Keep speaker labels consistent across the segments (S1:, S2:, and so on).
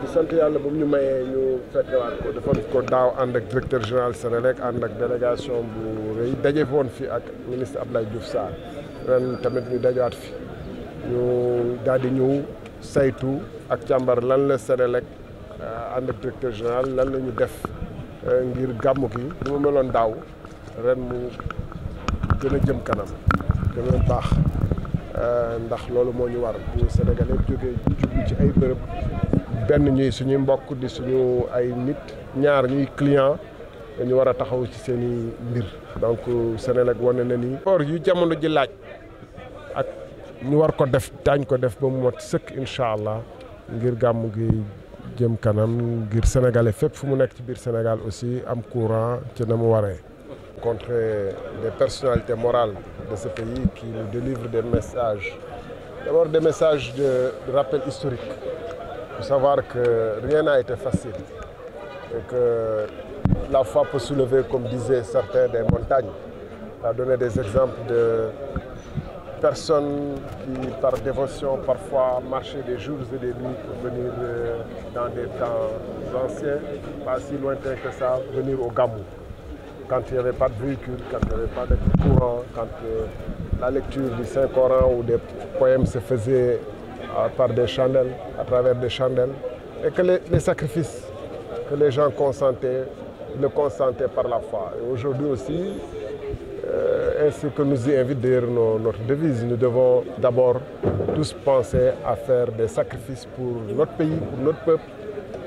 S1: di sant yàlla bu mu ñu mayee ñu fekkewaat ko defoon ko daaw ànd ak directeur général Senelec ànd ak délégation bu rëy daje woon fi ak ministre Abdoulaye Diouf Sarr ren tamit ñu dajaat fi ñu daal di ñëw saytu ak càmbar lan la Senelec euh, ànd ak directeur général lan la ñu def euh, ngir gàmmu gi lu mu meloon daaw ren mu gën a jëm kanam gën a baax euh, ndax loolu moo ñu war bu Sénégal yëpp jógee ci ay bërëb benn ñuy suñuy mbokk di suñu ay nit ñaar ñuy client dañu war a taxaw ci seen i mbir donc Senelec wane na ni. or yu jamono ji laaj ak ñu war ko def daañ ko def ba mu mot sëkk incha allah ngir gàmm gi jëm kanam ngir sénégalais fépp fu mu nekk ci biir Sénégal aussi am courant ci na mu waree. contre des personnalités morales de ce pays qui nous délivrent des messages d'abord de rappel historique. faut savoir que rien n'a été facile et que la foi peut soulever, comme disaient certains, des montagnes. a donné des exemples de personnes qui, par dévotion, parfois marchaient des jours et des nuits pour venir euh, dans des temps anciens, pas si lointains que ça, venir au Gamou. Quand il n'y avait pas de véhicule, quand il n'y avait pas de courant, quand euh, la lecture du Saint-Coran ou des poèmes se faisait par des chandelles, à travers des chandelles, et que les, les sacrifices que les gens consentaient, le consentaient par la foi. Et aujourd'hui aussi, euh, ainsi que nous y invite d'ailleurs notre devise, nous devons d'abord tous penser à faire des sacrifices pour notre pays, pour notre peuple,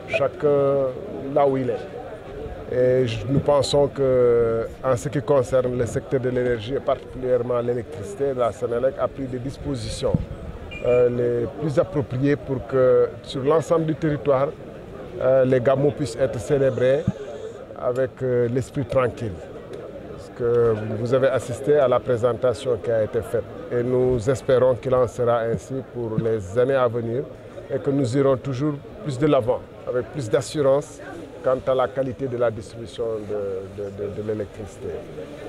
S1: chacun là où il est. Et nous pensons que, en ce qui concerne le secteur de l'énergie, et particulièrement l'électricité, la Sénélec a pris des dispositions Euh, les plus appropriés pour que sur l'ensemble du territoire, euh, les gamos puissent être célébrés avec euh, l'esprit tranquille. Parce que vous avez assisté à la présentation qui a été faite et nous espérons qu'il en sera ainsi pour les années à venir et que nous irons toujours plus de l'avant, avec plus d'assurance quant à la qualité de la distribution de, de, de, de l'électricité.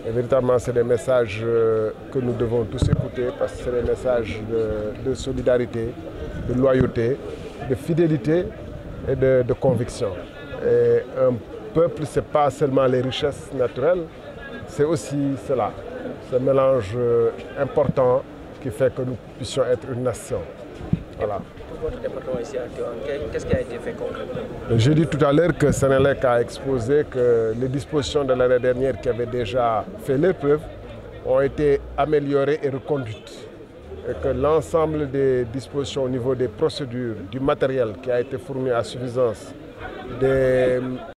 S1: Et véritablement, c'est des messages euh, que nous devons tous écouter parce que c'est des messages de, solidarité, de loyauté, de fidélité et de, conviction. Et un peuple, ce n'est pas seulement les richesses naturelles, c'est aussi cela, ce mélange euh, important qui fait que nous puissions être une nation. Voilà. votre département ici à Théon, qu'est-ce qui a été tout à l'heure que Sénélec a exposé que les dispositions de l'année dernière qui avaient déjà fait l'épreuve ont été améliorées et reconduites. Et que l'ensemble des dispositions au niveau des procédures, du matériel qui a été fourni à suffisance, des